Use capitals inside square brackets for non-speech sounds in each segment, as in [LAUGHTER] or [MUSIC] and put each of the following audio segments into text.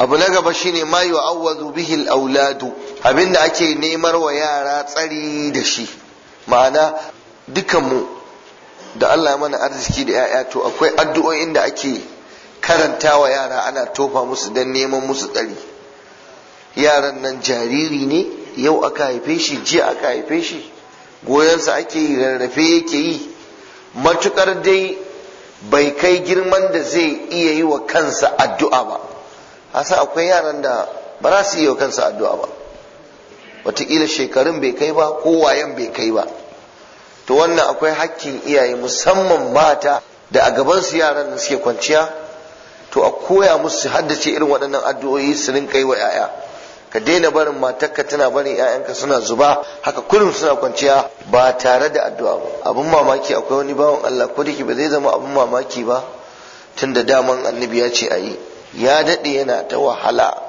abu na gaba shine ma yu'awwadhu bihi al-auladu abinda ake nemar wa yara tsari da shi ma'ana dukanmu da Allah mana arziki da 'ya'ya to akwai addu'o'in da ake karanta wa yara ana tofa musu don neman musu tsari yaran nan jariri ne yau aka haife shi jiya aka haife shi goyonsa ake yi rarrafe yake yi matukar dai bai kai girman da zai iya yi wa kansa addu'a ba hasa akwai yaran da ba za su yi wa kansu addu'a ba wataƙila shekarun bai kai ba ko wayan bai kai ba to wannan akwai hakkin iyaye musamman mata da a gaban su yaran da suke kwanciya to a koya musu haddace irin waɗannan addu'o'i su rinka yi wa 'ya'ya ka daina barin matarka tana barin 'ya'yanka suna zuba haka kullum suna kwanciya ba tare da addu'a ba abin mamaki akwai wani bawan Allah ko da ba zai zama abin mamaki ba Tunda da daman annabi ya ce a yi ya daɗe yana ta wahala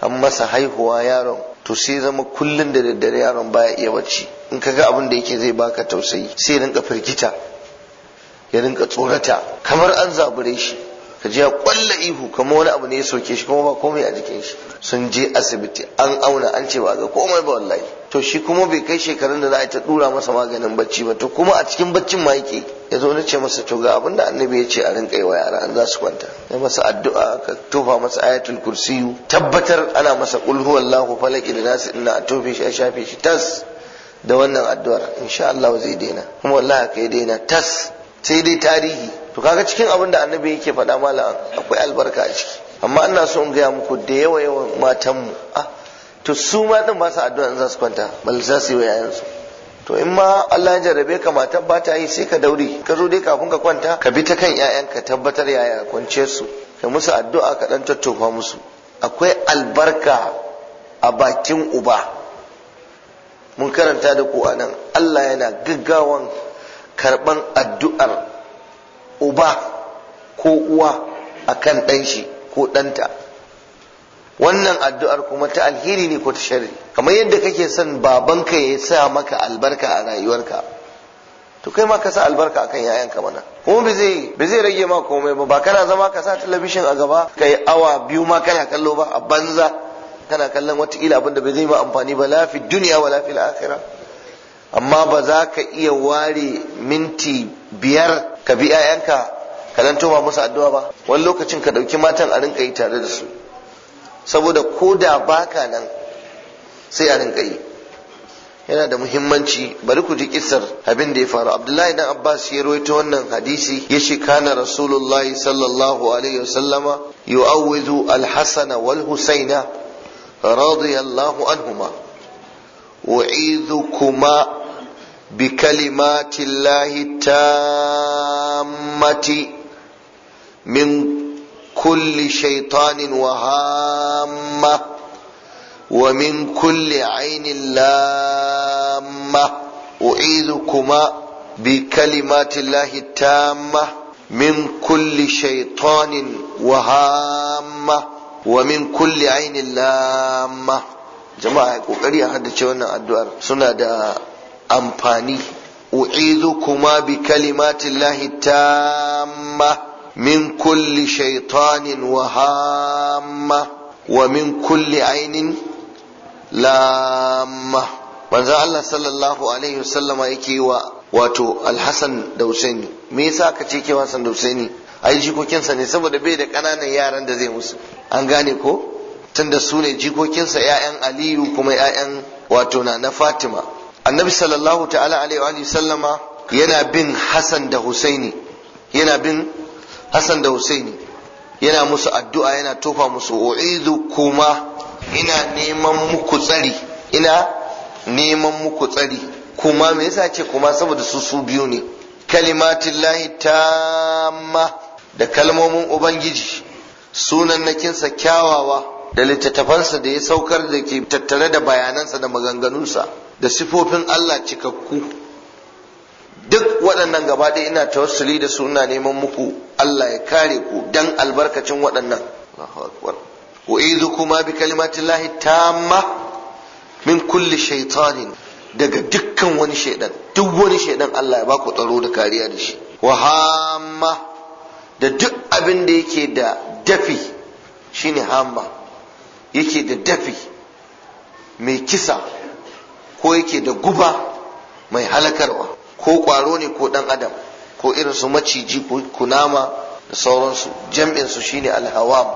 an masa haihuwa yaron to sai zama kullum da daddare yaron baya iya bacci in ka ga abin da yake zai baka tausayi sai rinka firgita ya rinka tsorata kamar an zabure shi ka je a kwalla ihu kamar wani abu ne ya soke shi kuma ba komai a jikin shi sun je asibiti an auna an ce ba ga komai ba wallahi to shi kuma bai kai shekarun da za a ta dura masa maganin bacci ba to kuma a cikin baccin ma yake ya zo na ce masa to ga abin annabi ya ce a rinka yi wa yara an za su kwanta ya masa addu'a ka tofa masa ayatul kursiyu tabbatar ana masa qul huwallahu falaki da nasu inna a tofe shi a shafe shi tas da wannan addu'ar insha Allah zai daina kuma wallahi kai daina tas sai dai tarihi to kaga cikin abin da annabi yake faɗa malam akwai albarka a ciki amma ina so in gaya muku da yawa yawan matanmu ah to su ma din ba su addu'a in za su kwanta bal za su yi wa yayansu to in ma Allah ya jarrabe ka matar ba yi sai ka dauri. ka zo dai kafin ka kwanta ka bi ta kan 'ya'yan ka tabbatar yaya kwance su ka musu addu'a ka dan tattofa musu akwai albarka a bakin uba mun karanta da ku anan Allah yana gaggawan karban addu'ar uba ko uwa a kan ɗanshi ko ɗanta wannan addu'ar kuma ta alheri ne ko ta shari. kamar yadda kake son babanka ya sa maka albarka a rayuwarka to kai ma ka sa albarka akan yayanka mana kuma ba zai zai rage ma komai ba ba kana zama ka sa talabishin a gaba kai awa biyu ma kana kallo ba a banza kana kallon wata abin da bai zai ma amfani ba lafi duniya wa lafi la'akira. amma ba za ka iya ware minti biyar ka bi 'ya'yanka ka zanto ba musu addu'a ba wani lokacin ka ɗauki matan a rinka yi tare da su saboda ko da baka nan sai a rinka yi yana da muhimmanci bari ku ji kisar abin da ya faru abdullahi dan abbas ya rawaito wannan hadisi ya shi kana rasulullah sallallahu alaihi wasallama yu'awwidu al-hasana wal husaina radiyallahu anhuma u'idhukuma بكلمات الله التامة من كل شيطان وهامة ومن كل عين لامة أعيذكما بكلمات الله التامة من كل شيطان وهامة ومن كل عين لامة jama'a kokari a haddace wannan addu'ar suna da amfani kuma bi kalimatillahi tamma min kulli shaitanin wa hamma wa min kulli ainin lamma manzo Allah sallallahu alaihi wasallama yake wa wato Alhassan da Husaini me yasa ka ce ke wasan da Husaini ai jikokinsa ne saboda bai da kananan yaran da zai musu an gane ko tunda su ne jikokinsa 'ya'yan Aliyu kuma 'ya'yan wato na na Fatima annabi sallallahu ta'ala alaihi wa sallama yana bin Hassan da Husaini yana bin Hassan da Husaini yana musu addu'a yana tofa musu u'idu kuma ina neman muku tsari ina neman muku tsari kuma me yasa ce kuma saboda su su biyu ne lahi tamma da kalmomin ubangiji sunan nakinsa kyawawa da littattafansa da ya saukar da ke tattare da bayanansa da maganganunsa da sifofin Allah cikakku duk waɗannan gaba ɗaya ina tawassuli da su ina neman muku Allah ya kare ku dan albarkacin waɗannan wa idhu kuma bi lahi tamma min kulli shaitanin. daga dukkan wani shaidan duk wani shaidan Allah ya baku tsaro da kariya da shi wa hamma da duk abin da yake da dafi shine hama yake da dafi mai kisa ko yake da guba mai halakarwa ko kwaro ne ko dan adam ko irin su maciji kunama da sauransu jam'in su shine alhawam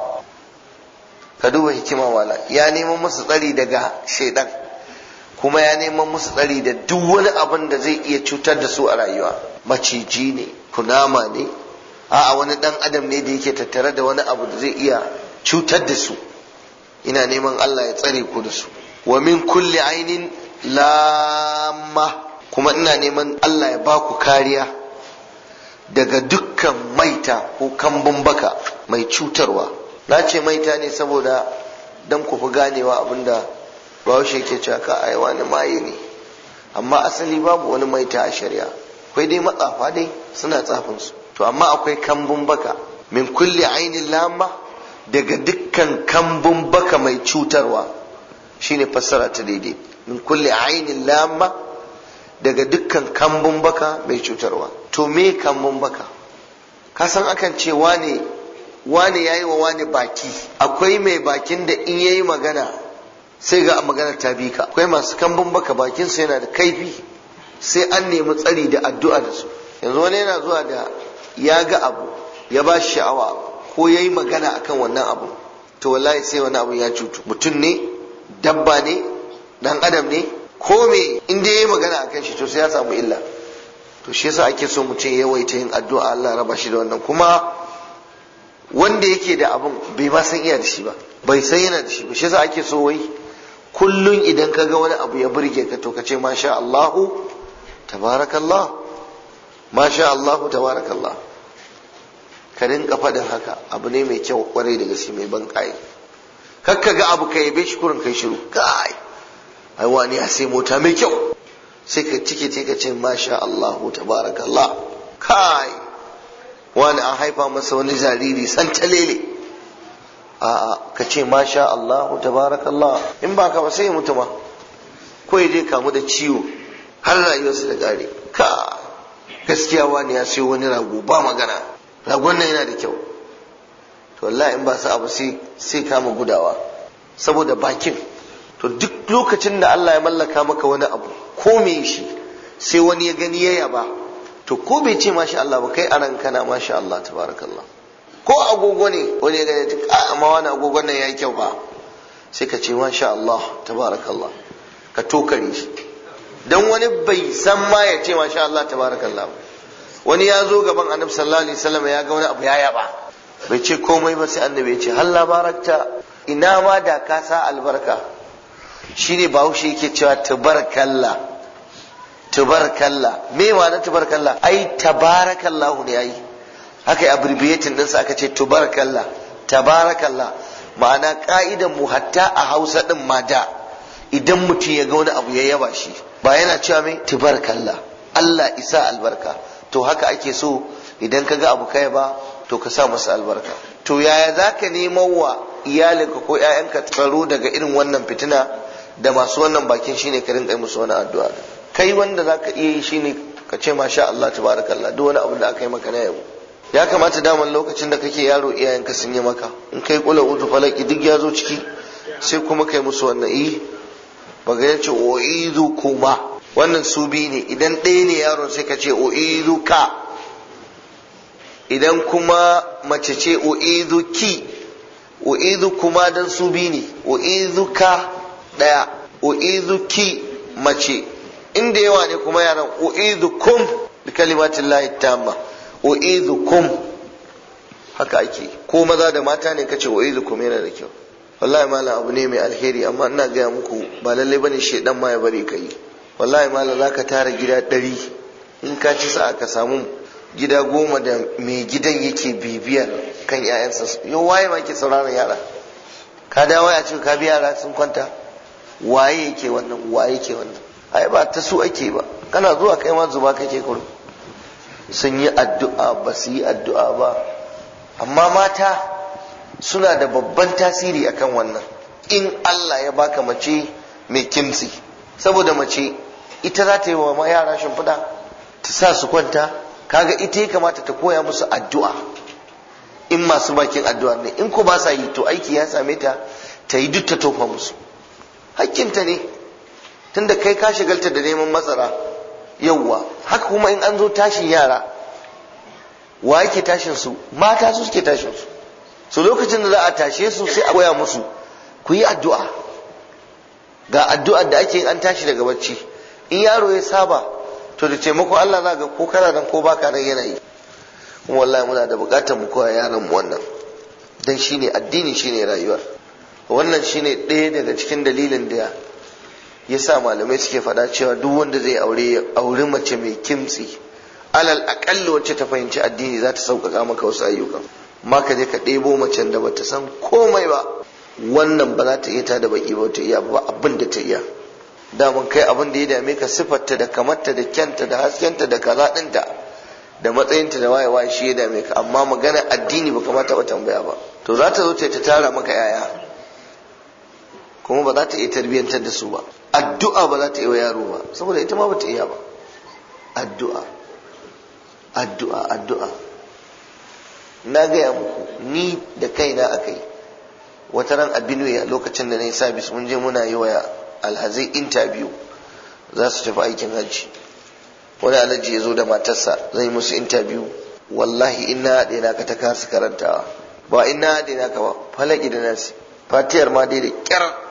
ka duba hikima wala ya neman musu tsari daga shaidan kuma ya neman musu tsari da duk wani abin da zai iya cutar da su a rayuwa maciji ne kunama ne a'a wani dan adam ne da yake tattare da wani abu da zai iya cutar da su ina neman Allah ya tsare ku da su wa min kulli ainin lamma kuma ina neman Allah ya baku kariya daga dukkan maita ko kambun baka mai cutarwa na ce maita ne saboda don ku fi ganewa abinda bahaushe ke cewa a yi wani maye ne amma asali babu wani maita a shari'a akwai dai matsafa dai suna tsafinsu to amma akwai kambun baka min kulli ainihin lamma daga dukkan kambun baka mai cutarwa shine fassara ta daidai min kulli ainin lamma daga dukkan kambun baka mai cutarwa to me kambun baka ka san akan ce wane wane yayi wa wane baki akwai mai bakin da in yayi magana sai ga magana ta bi ka akwai masu kambun baka bakin su yana da kaifi sai an nemi tsari da addu'a da su yanzu wani yana zuwa da ya ga abu ya ba shi sha'awa ko yayi magana akan wannan abu to wallahi sai wani abu ya cutu mutum ne dabba ne dan adam ne ko me in dai yayi magana akan shi to sai ya samu illa to shi yasa ake so mutum ya yawaita yin addu'a Allah raba shi da wannan kuma wanda yake da abin bai ma san iya da shi ba bai san yana da shi ba shi yasa ake so wai kullun idan ka ga wani abu ya burge ka to ka ce masha Allahu tabarakallah masha Allahu tabarakallah ka rinka faɗin haka abu ne mai kyau kwarai da gaske mai ban kai kakka ga abu ka yabe shi kurin kai shiru kai ai wani ya sai mota mai kyau sai ka cike ce ka ce masha Allah tabarakallah kai wani an haifa masa wani jariri san talele a ka ce masha Allah tabarakallah in ba ka ba sai mutu ba ko ya je kamu da ciwo har rayuwarsa da gare ka gaskiya wani ya sayo wani rago ba magana ragon nan yana da kyau to wallahi in ba sa abu sai sai kama gudawa saboda bakin to duk lokacin da Allah ya mallaka maka wani abu ko me shi sai wani ya gani ya yaba to ko bai ce masha Allah ba kai anan kana masha Allah tabarakallah ko agogo ne wani ya gani a ah, amma wani agogo nan yayi kyau ba sai ka ce masha Allah tabarakallah ka tokare shi dan wani bai san ma ya ce masha Allah tabarakallah wani ya zo gaban annabi sallallahu alaihi wasallam ya ga wani abu ya yaba bai ce komai ba sai annabi ya ce halla barakta ina ma da ka sa albarka Shi shine bahaushe yake cewa tabarkalla tabarkalla me na tabarkalla ai tabarakallahu ne ai haka abbreviating din sa aka ce tabarkalla tabarakalla ma'ana ka'idan mu hatta a Hausa ɗin ma da idan mutum ya ga wani abu ya yaba shi ba yana cewa mai tabarkalla Allah isa albarka to haka ake so idan ka ga abu kai ba to ka sa masa albarka to yaya za ka neman wa iyalinka ko 'ya'yanka tsaro daga irin wannan fitina da masu wannan bakin shine ka rinka musu wani addu'a kai wanda zaka iya yi shine ka ce masha Allah tabarakallah duk wani abu da aka yi maka na yabo ya kamata daman lokacin da kake yaro ka sun yi maka in kai kula udu falaki duk ya zo ciki sai kuma kai musu wannan yi eh, baga ya ce kuma wannan su biyu ne idan ɗaya ne yaron sai ka ce o'idu ka idan kuma mace ce o'idu ki kuma dan su biyu ne o'idu ka ɗaya o'izuki mace inda yawa ne kuma yaran kum bi kalimatin lahi tamma kum haka ake ko maza da mata ne kace kum yana da kyau wallahi malam abu ne mai alheri amma ina gaya muku ba lallai bane shedan ma ya bari ka yi wallahi malam zaka tara gida ɗari in ka ci sa ka samu gida goma da mai gidan yake bibiyar kan 'ya'yansa yau waye ma ke sauraron yara ka dawo a ce ka bi yara sun kwanta waye yake wannan waye yake wannan ai ba ta su ake ba kana zuwa kai ma zuba kake kuro sun yi addu'a ba su yi addu'a ba amma mata suna da babban tasiri akan wannan in Allah ya baka mace mai kimsi saboda mace ita za ta yi wa ma yara shimfiɗa ta sa su kwanta kaga ita ya kamata ta koya musu addu'a in masu bakin addu'a ne in ko ba sa yi to aiki ya same ta ta yi duk ta tofa musu hakkinta ne tunda kai ka shigalta da neman masara yauwa haka kuma in an zo tashin yara wa yake tashin su mata su suke tashin su su lokacin da za a tashe su sai a waya musu ku yi addu'a ga addu'a da ake yin an tashi daga bacci in yaro ya saba to da taimako Allah za ga ko kana nan ko baka nan yana yi kuma wallahi muna da bukatar mu koya yaran mu wannan dan shine addini shine rayuwar wannan shine ɗaya daga cikin dalilin da ya sa malamai suke faɗa cewa duk wanda zai aure auri mace mai kimtsi alal aƙalli wacce ta fahimci addini za ta sauƙaƙa maka wasu ayyuka ma ka je ka ɗebo macen da bata san komai ba wannan ba za ta iya ta da baki ba ta iya ba abin da ta iya daman kai abin da ya dame ka sifarta da kamarta da kyanta da haskenta da kaza ɗinta da matsayinta da wayewa shi ya dame ka amma magana addini ba kamata ba tambaya ba to za ta zo ta tara maka yaya kuma ba za ta iya tarbiyyantar da su ba addu'a ba za ta iya wa yaro ba saboda ita ma ba ta iya ba addu'a addu'a addu'a na gaya muku ni da kaina a kai wata ran a ya lokacin da na yi sabis mun je muna yi wa alhazai interview za su tafi aikin hajji wani alhaji ya zo da matarsa zai musu interview wallahi ina haɗe na ka ta kasa karantawa ba ina haɗe na ka ba falaki da nasi fatiyar ma dai da kyar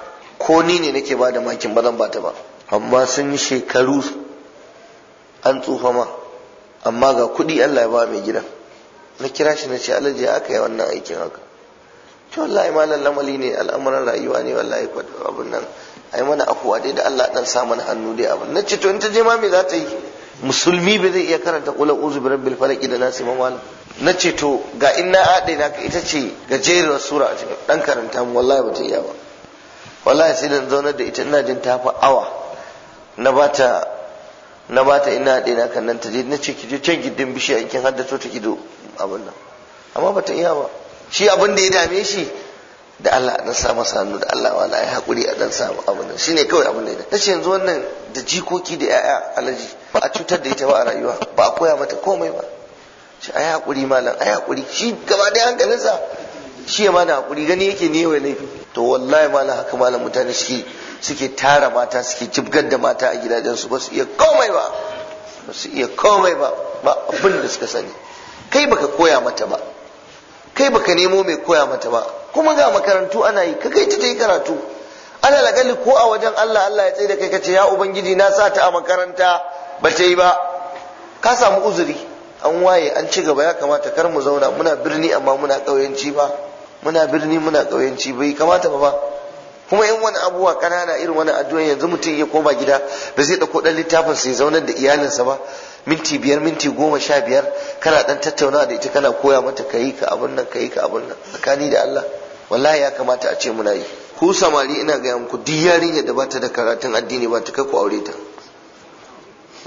ko ni ne nake ba da makin ba zan bata ba amma sun yi shekaru an tsufa ma amma ga kuɗi Allah ya ba mai gidan na kira shi na ce alaji aka yi wannan aikin haka to wallahi malam lamali ne al'amuran rayuwa ne wallahi kwato abun nan ai mana akuwa dai da Allah dan sa mana hannu dai abun na ce to in ta je ma me za ta yi musulmi bai zai iya karanta qul uzu bi rabbil falaq da nasi ma malam na ce to ga inna adaina naka ita ce gajeruwar sura a cikin dan karanta mu wallahi ba ta iya ba wallahi sai da zaunar da ita ina jin ta awa na bata na bata ina da ina kan nan ta je na ce ki je can gidin a kin to ta kido abin nan amma bata iya ba shi abin da ya dame shi da Allah dan sa masa hannu da Allah wala ya hakuri a dan sa abin nan shine kawai abin da ya ce yanzu wannan da jikoki da yaya alaji ba a cutar da ita ba a rayuwa ba a koya mata komai ba shi ai hakuri malam ai hakuri shi gaba da hankalinsa shi ya mana hakuri gani yake ne wai laifi to wallahi ma na haka malam mutane suke suke tara mata suke jibgar da mata a gidajen su. ba su iya komai ba ba su iya komai ba ba abin da suka sani kai baka koya mata ba kai baka nemo mai koya mata ba kuma ga makarantu ana yi ka kai ta yi karatu ana lagali ko a wajen Allah Allah ya tsaye da kai kace ya ubangiji na sa ta a makaranta ba ta yi ba ka samu uzuri an waye an ci gaba ya kamata kar mu zauna muna birni amma muna ƙauyenci ba muna birni muna ƙauyenci bai kamata ba kuma in wani abubuwa ƙanana irin wani addu'a yanzu mutum ya koma gida ba zai ɗauko ɗan littafin sai zaunar da iyalinsa ba minti biyar minti goma sha biyar kana ɗan tattauna da ita kana koya mata ka yi ka abin nan ka yi ka abin nan tsakani da Allah wallahi ya kamata a ce muna yi ku samari ina gaya muku duk yarinya da bata da karatun addini ba ta kai ku aure ta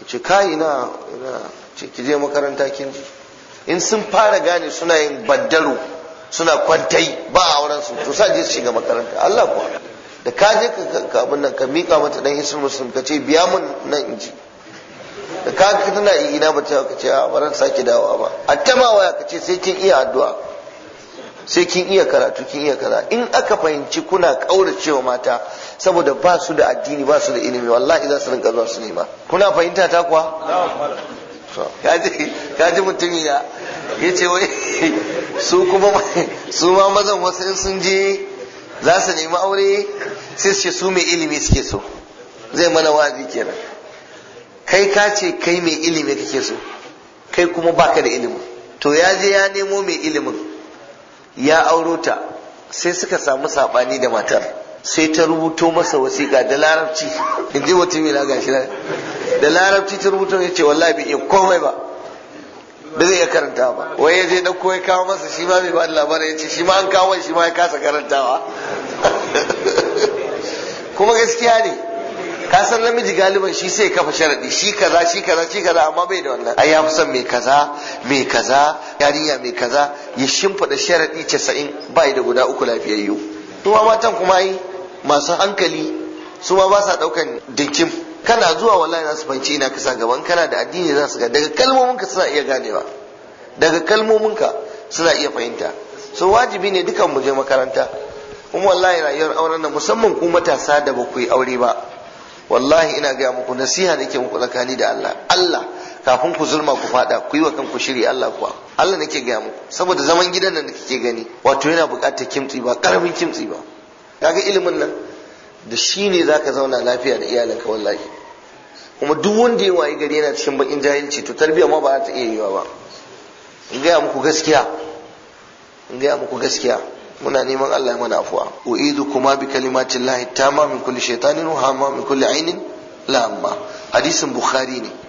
ce kai ina ina ce ki je makaranta kin ji in sun fara gane suna yin baddaro suna kwantai ba a auren su to sai je su shiga makaranta Allah kuwa da ka je ka abin nan ka mika mata dan ismul musulmi ka ce biya mun nan in ji da ka ka tana ina ba ta ka ce a baran sake dawowa ba a waya ka ce sai kin iya addu'a sai kin iya karatu kin iya kaza in aka fahimci kuna kauracewa mata saboda ba su da addini ba su da ilimi wallahi za su rinka zuwa su nema kuna fahimta ta kuwa ji mutum ya ya ce wai su kuma su ma mazan wasu sun je za su nemi aure sai su ce su mai ilimi suke so zai mana wa'azi kenan kai ka ce kai mai ilimi kake so kai kuma baka da ilimi to ya je ya nemo mai ilimin ya auro ta sai suka samu sabani da matar sai ta rubuto masa wasiƙa da larabci in ji mutum yana gashi da larabci ta rubuto ya ce wallahi bai iya komai ba ba zai iya karanta ba wai ya je dauko ya kawo masa shi ma bai ba labarai ce shi ma an kawo shi ma ya kasa karantawa [LAUGHS] kuma gaskiya ne ka san namiji galiban shi sai kafa sharadi shi kaza shi kaza shi kaza amma bai da wannan ai ya fi son mai kaza mai kaza yarinya mai kaza ya shimfida sharadi casa'in bai da guda uku lafiyayyu kuma matan kuma ai masu hankali su ma ba sa daukan dinkin kana zuwa wallahi za su fahimci ina kasa gaban kana da addini za su ga daga kalmominka suna iya ganewa daga kalmominka suna iya fahimta so wajibi ne dukan mu je makaranta kuma wallahi rayuwar auren nan musamman ku matasa da ba ku yi aure ba wallahi ina gaya muku nasiha nake muku tsakani da Allah Allah kafin ku zulma ku fada ku yi wa kanku shiri Allah kuwa Allah nake gaya muku saboda zaman gidan nan da kike gani wato yana buƙatar kimtsi ba karamin kimtsi ba kaga ilimin nan da shi ne zaka zauna lafiya da iyalinka wallahi kuma duk wanda ya wayi gari yana cikin bakin jahilci to tarbiyya ma ba za ta iya yiwa ba in gaya muku gaskiya in gaya muku gaskiya muna neman Allah ya mana afuwa uidu kuma bi kalimatillahi lahi tamma min kulli shaytanin wa hamma min kulli ainin La'amma. hadisin bukhari ne